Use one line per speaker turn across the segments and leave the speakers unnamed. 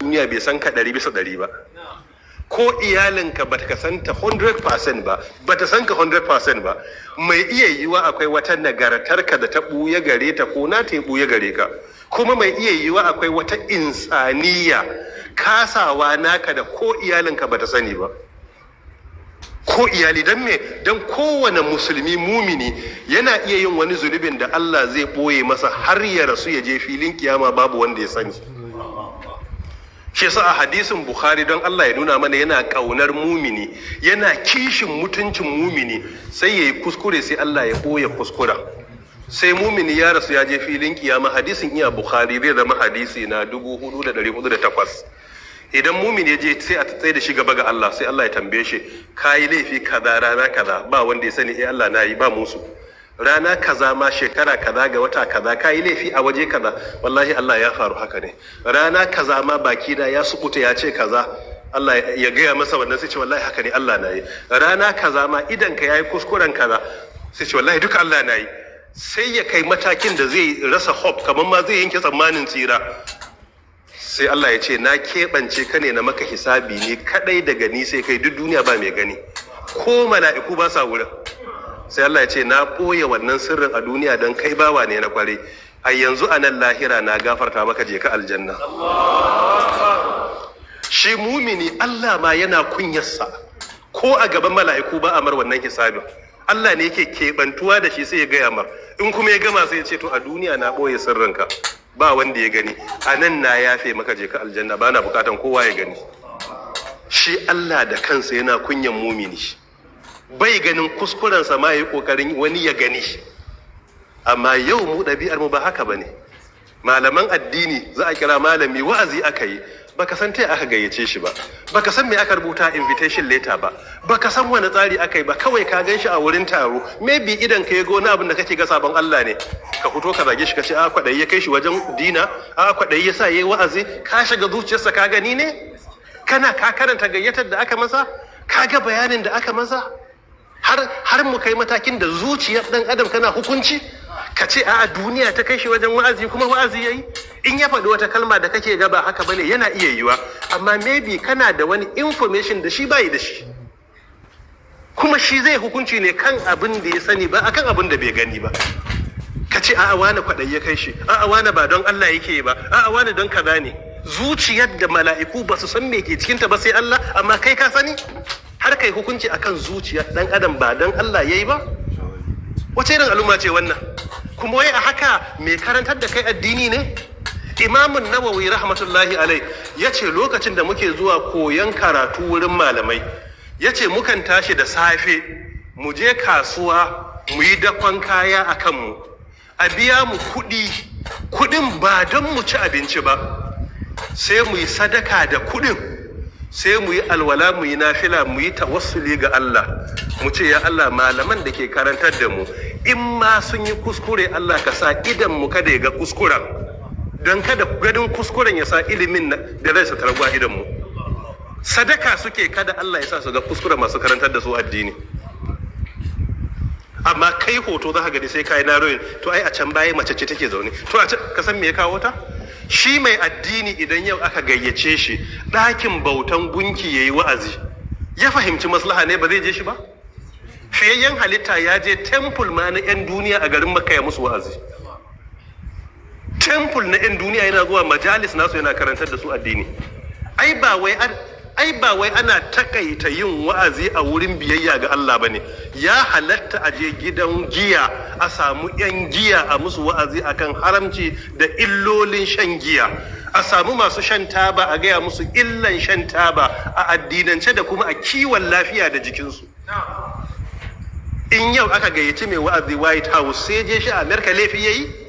duniya bai san ka ɗari bisa ɗari ba ko iyalinka ba ka san ta 100% ba ba ta san ka 100% ba mai iya yiwa akwai wata nagartarka da ta ɓuya gare ta ko na ta yi ɓuya gare ka kuma mai iya yiwa akwai wata insaniya kasawa naka da ko iyalinka ba ta sani ba ko iyali don me don kowane musulmi mumini yana iya yin wani zunubin da Allah zai ɓoye masa har ya rasu ya je filin kiyama babu wanda ya sani. shi yasa a hadisin bukhari don allah ya nuna mana yana ƙaunar mumini yana kishin mutuncin mumini sai ya yi kuskure sai allah ya ɓoye kuskura sai mumini ya rasu ya je filin kiyama hadisin iya bukhari zai zama hadisi na 4408 idan mumini ya je sai a tsaye da shi gaba ga allah sai allah ya tambaye shi ka yi laifi kaza rana kaza ba wanda ya sani eh allah na yi ba musu rana kaza ma shekara kaza ga wata kaza ka yi laifi a waje kaza wallahi Allah ya faru haka ne rana kaza ma baki da ya sukuta ya ce kaza Allah ya gaya masa wannan sai ce wallahi haka ne Allah na yi rana kaza ma idan ka yayi kuskuren kaza sai ce wallahi duka Allah na yi sai ya kai matakin da zai rasa hope kamar ma zai yanke tsammanin tsira sai Allah ya ce na keɓance ka ne na maka hisabi ne kadai daga ni sai kai duk duniya ba mai gani ko mala'iku ba sa wurin sai Allah ya ce na ɓoye wannan sirrin a duniya don kai bawa ne na kware a yanzu a nan lahira na gafarta maka je ka aljanna shi mumini Allah ma yana kunyarsa ko a gaban mala'iku ba a mar wannan hisabin Allah ne yake keɓantuwa da shi sai ya gaya mar in kuma ya gama sai ya ce to a duniya na ɓoye sirrinka ba wanda ya gani a nan na yafe maka je ka aljanna ba na bukatan kowa ya gani shi Allah da kansa yana kunyan mumini bai ganin kuskurensa ma ya yi ƙoƙarin wani ya gani amma yau mu ɗabi'ar mu ba haka ba ne malaman addini za a kira malami wa'azi aka yi baka san ta aka gayyace shi ba baka san me aka rubuta invitation letter ba baka san wani tsari aka yi ba kawai ka gan shi a wurin taro maybe idan ka yago na abin da kake ga sabon Allah ne ka fito ka zage shi ka ce a ah, kwadai ya kai shi wajen dina a ah, kwadai ya sa yayi wa'azi ka shiga zuciyarsa ka gani ne kana ka karanta gayyatar da aka masa ka ga bayanin da aka masa har har mu kai matakin da zuciyar dan adam tana hukunci ka ce a duniya ta kai shi wajen wa'azi kuma wa'azi ya yi? in ya faɗi wata kalma da kake ga ba haka bane yana iya yiwa amma maybe kana da wani information da shi bai da shi kuma shi zai hukunci ne kan abin da ya sani ba akan abin da bai gani ba ka ce a'a wani kwaɗayi ya kai shi a'a wani ba don Allah yake ba a'a wani don kaza ne zuciyar da mala'iku ba su san me ke cikinta ba sai Allah amma kai ka sani har kai hukunci akan zuciya dan adam ba dan Allah yayi ba wace irin al'umma ce wannan kuma wai a haka mai karantar da kai addini ne imamun nawawi rahmatullahi alai ya ce lokacin da muke zuwa koyon karatu wurin malamai ya ce mukan tashi da safe mu je kasuwa mu yi dakon kaya a mu. a biya mu kuɗi kuɗin ba don mu ci abinci ba sai mu yi sadaka da kuɗin sai mu yi alwala mu yi nafila mu yi tawassuli ga Allah mu ce ya Allah malaman da ke karantar da mu in ma sun yi kuskure Allah ka sa idan mu kada ya ga kuskuren don kada gadin kuskuren ya sa ilimin da zai satar gwa idan mu sadaka suke kada Allah ya sa su ga kuskure masu karantar da su addini amma kai hoto za ka gani sai kayi na to ai a can baya mace ce take zaune to a can ka san me ya kawo ta shi mai addini idan yau aka gayyace shi ɗakin bautan gunki ya yi wa'azi ya fahimci maslaha ne ba zai je shi ba fiyayyen halitta ya je temple ma na 'yan duniya a garin makka ya musu wa'azi temple na 'yan duniya yana zuwa majalis nasu yana karantar da su addini ai ba wai ai ba wai ana takaita yin wa'azi a wurin biyayya ga Allah ba ne ya halatta a je gidan giya a samu 'yan giya a musu wa'azi akan haramci da illolin shan giya a samu masu shan taba a gaya musu illan shan taba a addinance da kuma a kiwon lafiya da jikinsu in yau aka gayyaci mai wa'azi white house sai je shi a amerika laifi yayi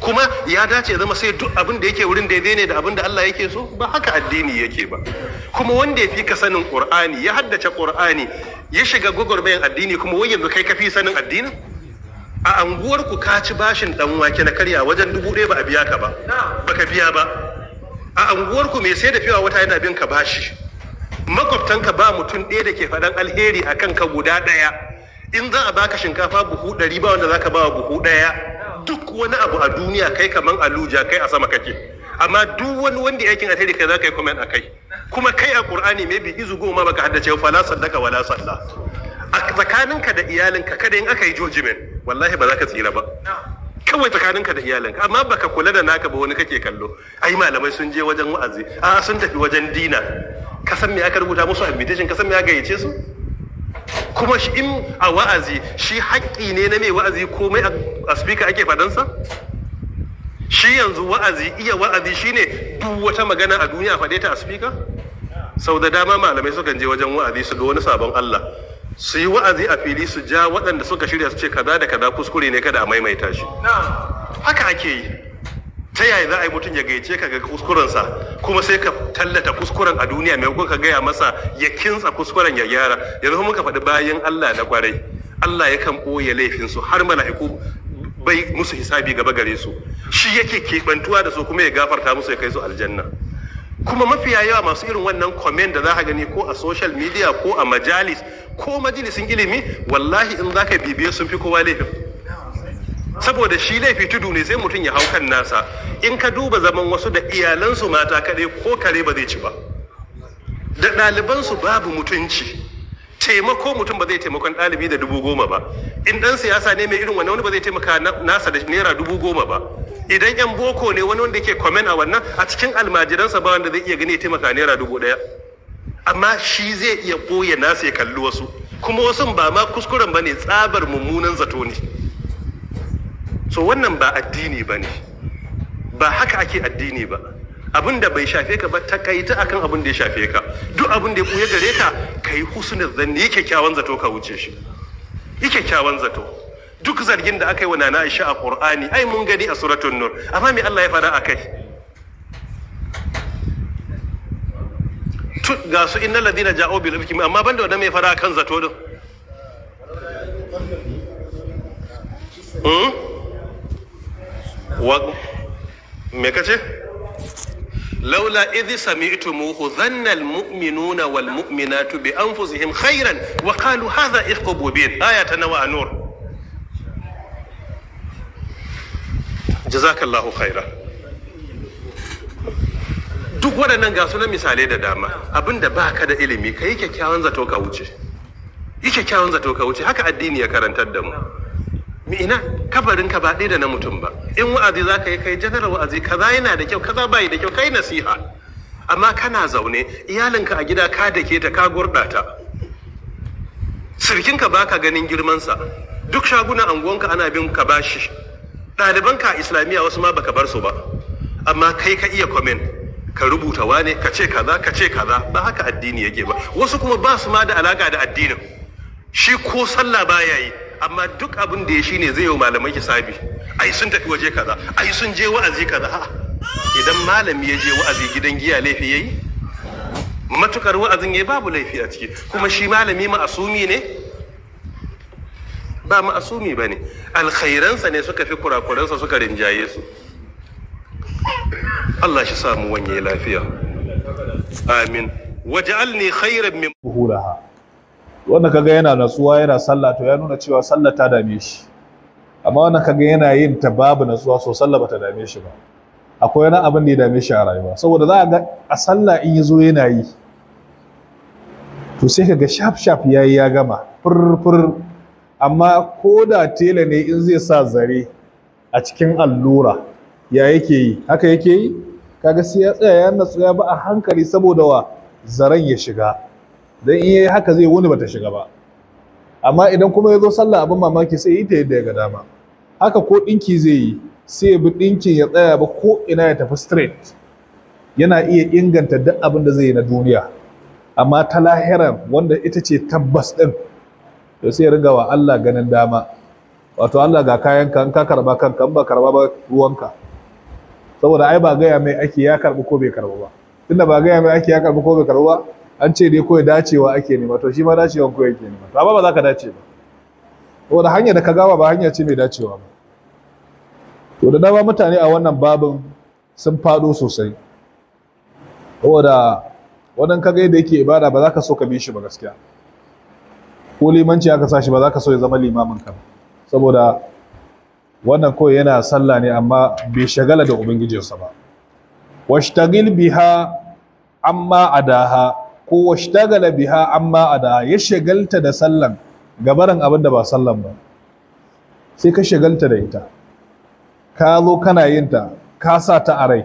kuma ya dace zama sai duk abin da yake wurin daidai ne da abin da Allah yake so ba haka addini yake ba kuma wanda ya fi ka sanin Qur'ani ya haddace Qur'ani ya shiga gwagwarmayan addini kuma wai yanzu kai ka fi sanin addinin a anguwar ku ka ci bashin dan wake na karya wajen dubu ɗaya ba a biya ka ba baka biya ba a anguwar ku mai sai da fiwa wata yana bin ka bashi makwabtanka ba mutum ɗaya da ke faɗan alheri akan ka guda ɗaya in za a baka shinkafa buhu ɗari ba wanda za ka ba buhu ɗaya duk wani abu a duniya kai kaman aluja kai a sama kake amma duk wani wanda aikin a kai za ka yi comment a kai kuma kai a qur'ani bi izu goma baka haddace fala sallaka la salla a tsakaninka da iyalinka kada in aka yi jojimen wallahi ba za ka tsira ba kawai tsakaninka da iyalinka amma baka kula da naka ba wani kake kallo ai malamai sun je wajen wa'azi a sun tafi wajen dina kasan me aka rubuta musu invitation ka san me aka yace su kuma shi in a wa'azi shi haƙƙi ne na mai wa'azi komai a speaker ake fadansa shi yanzu wa'azi iya wa'azi shine duk wata magana a duniya faɗe ta a speaker sau da dama malamai sukan je wajen wa'azi su ga wani sabon Allah su yi wa'azi a fili su ja waɗanda suka shirya su ce kaza da kaza kuskure ne kada a maimaita shi haka ake yi ta yaya za a yi mutum ya gaice ka ga kuskurensa kuma sai ka tallata kuskuren a duniya maimakon ka gaya masa ya kinsa kuskuren ya gyara yanzu muka faɗi bayan Allah na kwarai Allah ya yakan ɓoye laifinsu har mala'iku bai musu hisabi gaba gare su shi yake keɓantuwa da su kuma ya gafarta musu ya kai su aljanna kuma mafiya yawa masu irin wannan comment da za ka gani ko a social media ko a majalis ko majalisin ilimi wallahi in za ka bibiye sun fi kowa laifin saboda shi laifi tudu ne sai mutum ya hau kan nasa in ka duba zaman wasu da iyalansu mata kaɗai ko kare ba zai ci ba da ɗalibansu babu mutunci taimako mutum ba zai taimakon ɗalibi da dubu goma ba in ɗan siyasa ne mai irin wannan wani ba zai taimaka nasa da naira dubu goma ba idan yan boko ne wani wanda yake kwamen a wannan a cikin almajiransa ba wanda zai iya gani ya taimaka naira dubu ɗaya amma shi zai iya ɓoye nasa ya kalli wasu kuma wasu ba ma kuskuren ba ne tsabar mummunan zato ne so wannan ba addini ba ne ba haka ake addini ba abin da bai shafe ka ba ta ta akan abin da ya shafe ka duk abin da ya buya gare ka ka yi husnul zanni yi kyawan zato ka wuce shi yake kyawan zato duk zargin da aka yi wa nana Aisha a Qur'ani ai mun gani a suratul nur amma me Allah ya kai akai ga su innal ladina ja'u bil ifki amma banda wanda mai fara kan zato din hmm? wa me ce? laula idh sami'tumuhu dhanna almu'minuna walmu'minatu bi anfusihim khairan wa qalu hadha ifqu mubin aya ta nawa anur jazakallahu khairan duk waɗannan ga sunan misalai da dama abinda ba ka da ilimi ka yi kyakkyawan zato ka wuce yi kyakkyawan zato ka wuce haka addini ya karantar da mu ina kabarin ka ba da na mutum ba in wa'azi za ka yi kai janaral wa'azi kaza yana da kyau kaza bai da kyau kai nasiha amma kana zaune iyalinka a gida ka dake ta ka Sirkin sirkinka baka ganin girmansa duk shagunan anguwanka ana bin ka bashi ɗalibanka a islamiyya wasu ma baka bar su ba amma kai ka iya comment ka rubuta wane ka ce kaza ka ce kaza ba haka addini yake ba wasu kuma ba su ma da alaka da addinin shi ko sallah baya yi amma duk abin da ya shine zai yi malamai hisabi ai sun tafi waje kaza ai sun je wa'azi kaza a'a idan malami ya je wa'azi gidan giya laifi yayi matukar wa'azin yayi babu laifi a ciki kuma shi malami ma'asumi ne ba ma'asumi bane alkhairansa ne suka fi kurakuransa suka rinjaye su Allah shi samu wanye
lafiya amin waj'alni khairan min buhuraha wanda kaga yana nasuwa yana sallah to ya nuna cewa sallah ta dame shi amma wanda kaga yana yin ta babu natsuwa so sallah bata dame shi ba akwai wani abin da ya dame shi a rayuwa saboda za a ga a sallah in ya zo yana yi to sai kaga shaf shaf ya yi ya gama furfur amma ko da tela ne in zai sa zare a cikin allura ya yake yi haka yake yi kaga sai ya tsaya ya natsu ya ba a hankali saboda wa zaren ya shiga dan in yayi haka zai wani bata shiga ba amma idan kuma ya zo sallah abin mamaki sai yi ta yadda ya ga dama haka ko ɗinki zai yi sai ya bi ɗinkin ya tsaya ba ko ina ya tafi straight yana iya inganta duk abin da zai yi na duniya amma ta lahiran wanda ita ce tabbas ɗin to sai ya riga wa Allah ganin dama wato Allah ga ka in ka karba kanka in ba karba ba ruwanka saboda ai ba gaya mai ake ya karbi ko bai karba ba tunda ba gaya mai ake ya karbi ko bai karba ba an ce dai kawai dacewa ake nema to shi ma dacewan kawai ake nema to amma ba za ka dace ba da hanyar da ka gaba ba hanya ce mai dacewa ba to da dama mutane a wannan babin sun fado sosai da wannan kaga yadda yake ibada ba za ka so ka bi shi ba gaskiya ko limanci aka sa shi ba za ka so ya zama limamin ka saboda wannan kawai yana sallah ne amma bai shagala da ubangijinsa ba washtagil biha amma adaha ko washtagala biha amma ada ya shagalta da sallan gabaran abin da ba sallan ba sai ka shagalta da ita ka zo kana yin ta ka sa ta a rai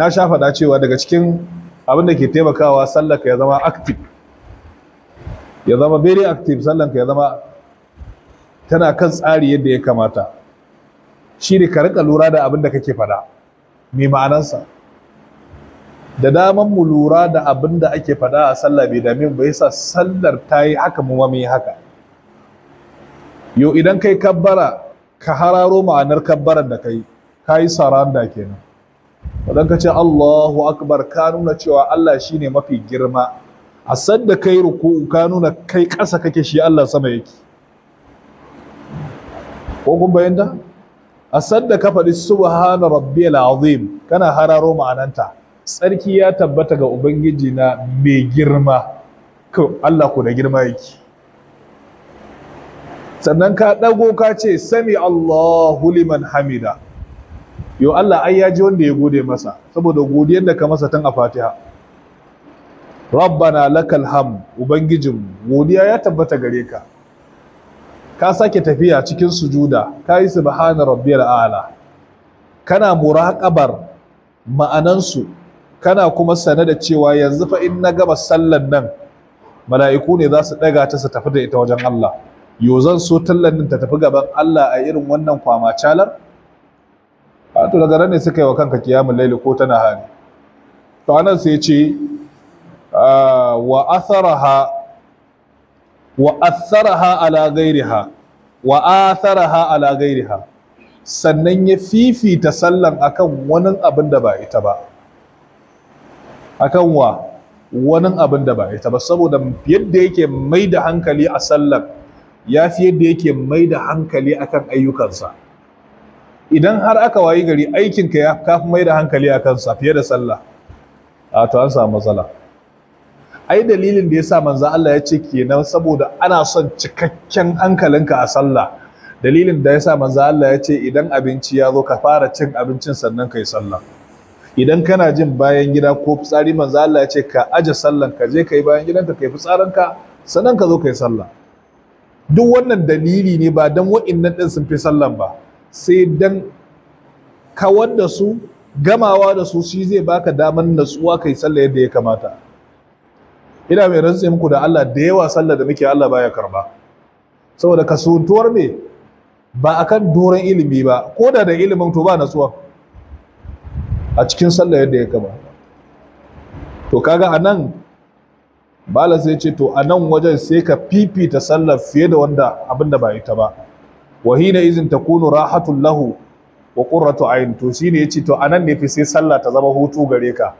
na sha faɗa cewa daga cikin abin da ke taimakawa sallar ka ya zama active ya zama very active sallan ka ya zama tana kan tsari yadda ya kamata shi ne ka riƙa lura da abin da kake faɗa mai ma'anarsa da daman mu lura da abin da ake fada a sallah bai dame mu ba sallar ta yi haka mu ma haka yau idan kai kabbara ka hararo ma'anar kabbaran da kai ka yi saranda kenan idan ka ce Allahu akbar ka nuna cewa Allah shine mafi girma a sadda kai ruku'u ka nuna kai ƙasa kake shi Allah sama yake ko kun bayyana a sadda ka faɗi subhana rabbiyal azim kana hararo ma'ananta sarki ya tabbata ga ubangiji na mai girma Allah ku da girma yake sannan ka ɗago ka ce sami Allahu liman hamida Yau Allah ai ya ji wanda ya gode masa saboda godiyar da ka masa tun a Fatiha Rabbana lakal ham ubangijin godiya ya tabbata gare ka ka sake tafiya cikin sujuda ka yi subhana rabbiyal a'la kana muraƙabar ma'anansu kana kuma sane da cewa yanzu fa in na gama sallan nan mala'iku ne za su ɗaga ta su tafi da ita wajen Allah yo zan so tallan nan ta tafi gaban Allah a irin wannan kwama calar a to daga ne suka yi wa kanka kiyamun laili ko tana hali? to anan sai ce ah, wa atharaha wa atharaha ala ghairiha wa atharaha ala ghairiha sannan ya fifita sallan akan wani abin da ba ita ba akan wa wani abin da ba ita ba saboda yadda yake mai da hankali a sallar ya fi yadda yake mai da hankali akan ayyukansa idan har aka wayi gari aikinka ya kafi mai da hankali a kansa fiye da sallah a to an samu matsala ai dalilin da yasa sa manzo Allah ya ce kenan saboda ana son cikakken hankalinka a sallah dalilin da yasa sa manzo Allah ya ce idan abinci ya zo ka fara cin abincin sannan kai sallah idan kana jin bayan gida ko fitsari manzo Allah ya ce ka aje sallan ka je kai bayan gidanka kai fitsarin ka sannan ka zo kai sallah duk wannan dalili ne ba dan wa'innan din sun fi sallan ba sai dan kawar da su gamawa da su shi zai baka daman natsuwa kai sallah yadda ya kamata ina mai rantse muku da Allah da yawa sallah da muke Allah baya karba saboda kasuntuwar me ba akan doron ilimi ba ko da da ilimin to ba natsuwa a cikin sallah yadda ya kama to kaga a nan bala sai ce to a nan wajen sai ka fifita sallar fiye da wanda abin da ba ita ba wa hina izin takunu rahatun lahu wa a ayn to shi ne ya ce to anan ne fi sai sallah ta zama hutu gare ka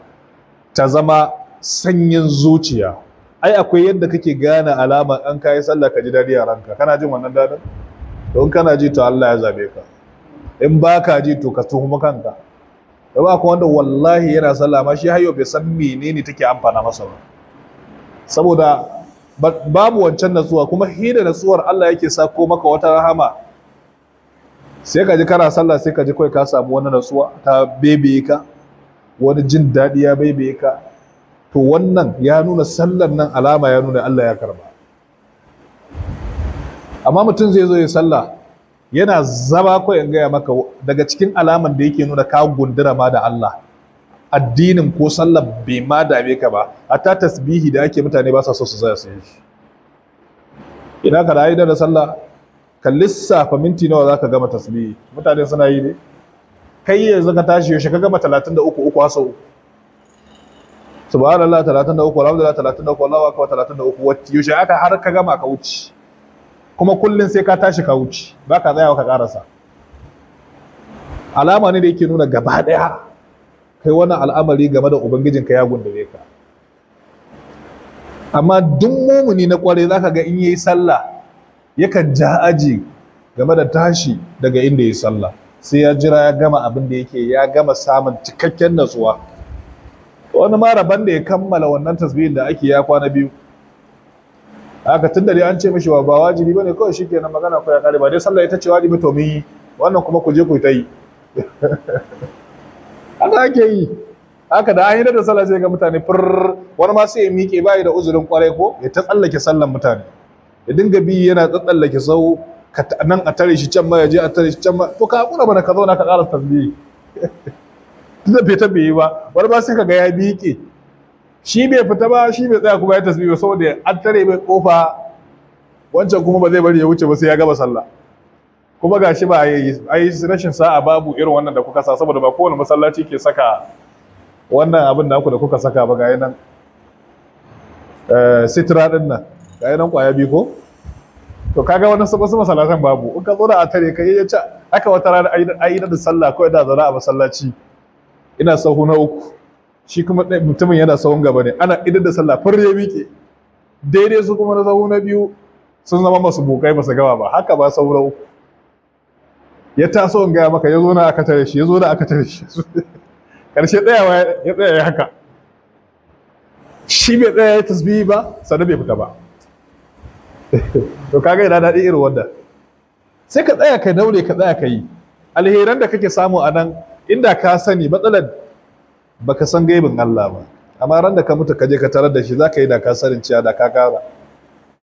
ta zama sanyin zuciya ai akwai yadda kake gane alama an kai sallah ka ji dadi a ranka kana jin wannan dadin to in kana ji to Allah ya zabe ka in baka ji to ka tuhuma kanka da ba kuma wanda wallahi yana sallah ma shi hayo bai san menene take amfana masa ba saboda babu wancan natsuwa kuma hida natsuwar Allah yake sako maka wata rahama sai ka ji kana sallah sai ka ji kawai ka samu wannan natsuwa ta bebe ka wani jin daɗi ya bebe ka to wannan ya nuna sallar nan alama ya nuna Allah ya karba amma mutum zai zo ya sallah yana zama ko in gaya maka daga cikin alaman da yake nuna ka gundura ma da Allah addinin ko sallar bai ma dame ka ba hatta tasbihi da ake mutane ba sa so su zaya su yi ina ka rayu da sallah ka lissafa minti nawa zaka gama tasbihi mutane suna yi ne kai yanzu ka tashi yaushe ka gama 33 uku asau subhanallah 33 alhamdulillah 33 Allahu akbar 33 wacce yaushe aka har ka gama ka wuce kuma kullum sai ka tashi ka wuce ba ka tsayawa ka karasa alama ne da yake nuna gaba daya kai wannan al'amari game da ubangijin ka ya gundare ka amma duk mumuni na kwarai zaka ga in yayi sallah yakan ja aji game da tashi daga inda yayi sallah sai ya jira ya gama abin da yake ya gama samun cikakken natsuwa wani ma da ya kammala wannan tasbihin da ake ya kwana biyu aka tun da dai an ce mishi ba wajibi bane kawai shikenan magana ko ya kare ba dai sallah ita ce wajibi to mun yi wannan kuma ku je ku ta yi haka ake yi haka da an yi da sallah sai ga mutane fur wani ma sai ya miƙe bai da uzurin kwarai ko ya ta tsallake sallan mutane ya dinga bi yana tsallake sau nan a tare shi can ma ya je a tare shi can ma to ka hakura bana ka zauna ka ƙara tambayi. tunda bai ta bai yi ba wani ma sai ka ga ya miƙe shi bai fita ba shi bai tsaya kuma ya tasbi ba saboda an tare mai kofa wancan kuma ba zai bari ya wuce ba sai ya gaba sallah kuma ga shi ba a yi rashin sa'a babu irin wannan da kuka sa saboda ba kowane masallaci ke saka wannan abin naku da kuka saka ba ga yanan eh, sitira din nan ga yanan kwaya biyu ko to kaga wannan sabon sama salatan babu in ka zo da a tare ka yi aka wata rana ayi da sallah kawai da zara a masallaci ina sahu na uku shi kuma mutumin yana sahun gaba ne ana idan da sallah far ya miƙe daidai su kuma na sahu na biyu sun zama masu bukai masu gaba ba haka ba saurau ya taso in gaya maka ya zo na aka tare shi ya zo na aka tare shi karshe tsayawa ya tsaya haka shi bai tsaya ya tasbihi ba sannan bai fita ba to kaga yana daɗi irin wanda sai ka tsaya ka naure ka tsaya ka yi alheran da kake samu a nan inda ka sani matsalar baka san gaibin Allah ba amma ran da ka mutu ka je ka tarar da shi zaka yi da ka sanin cewa da ka kara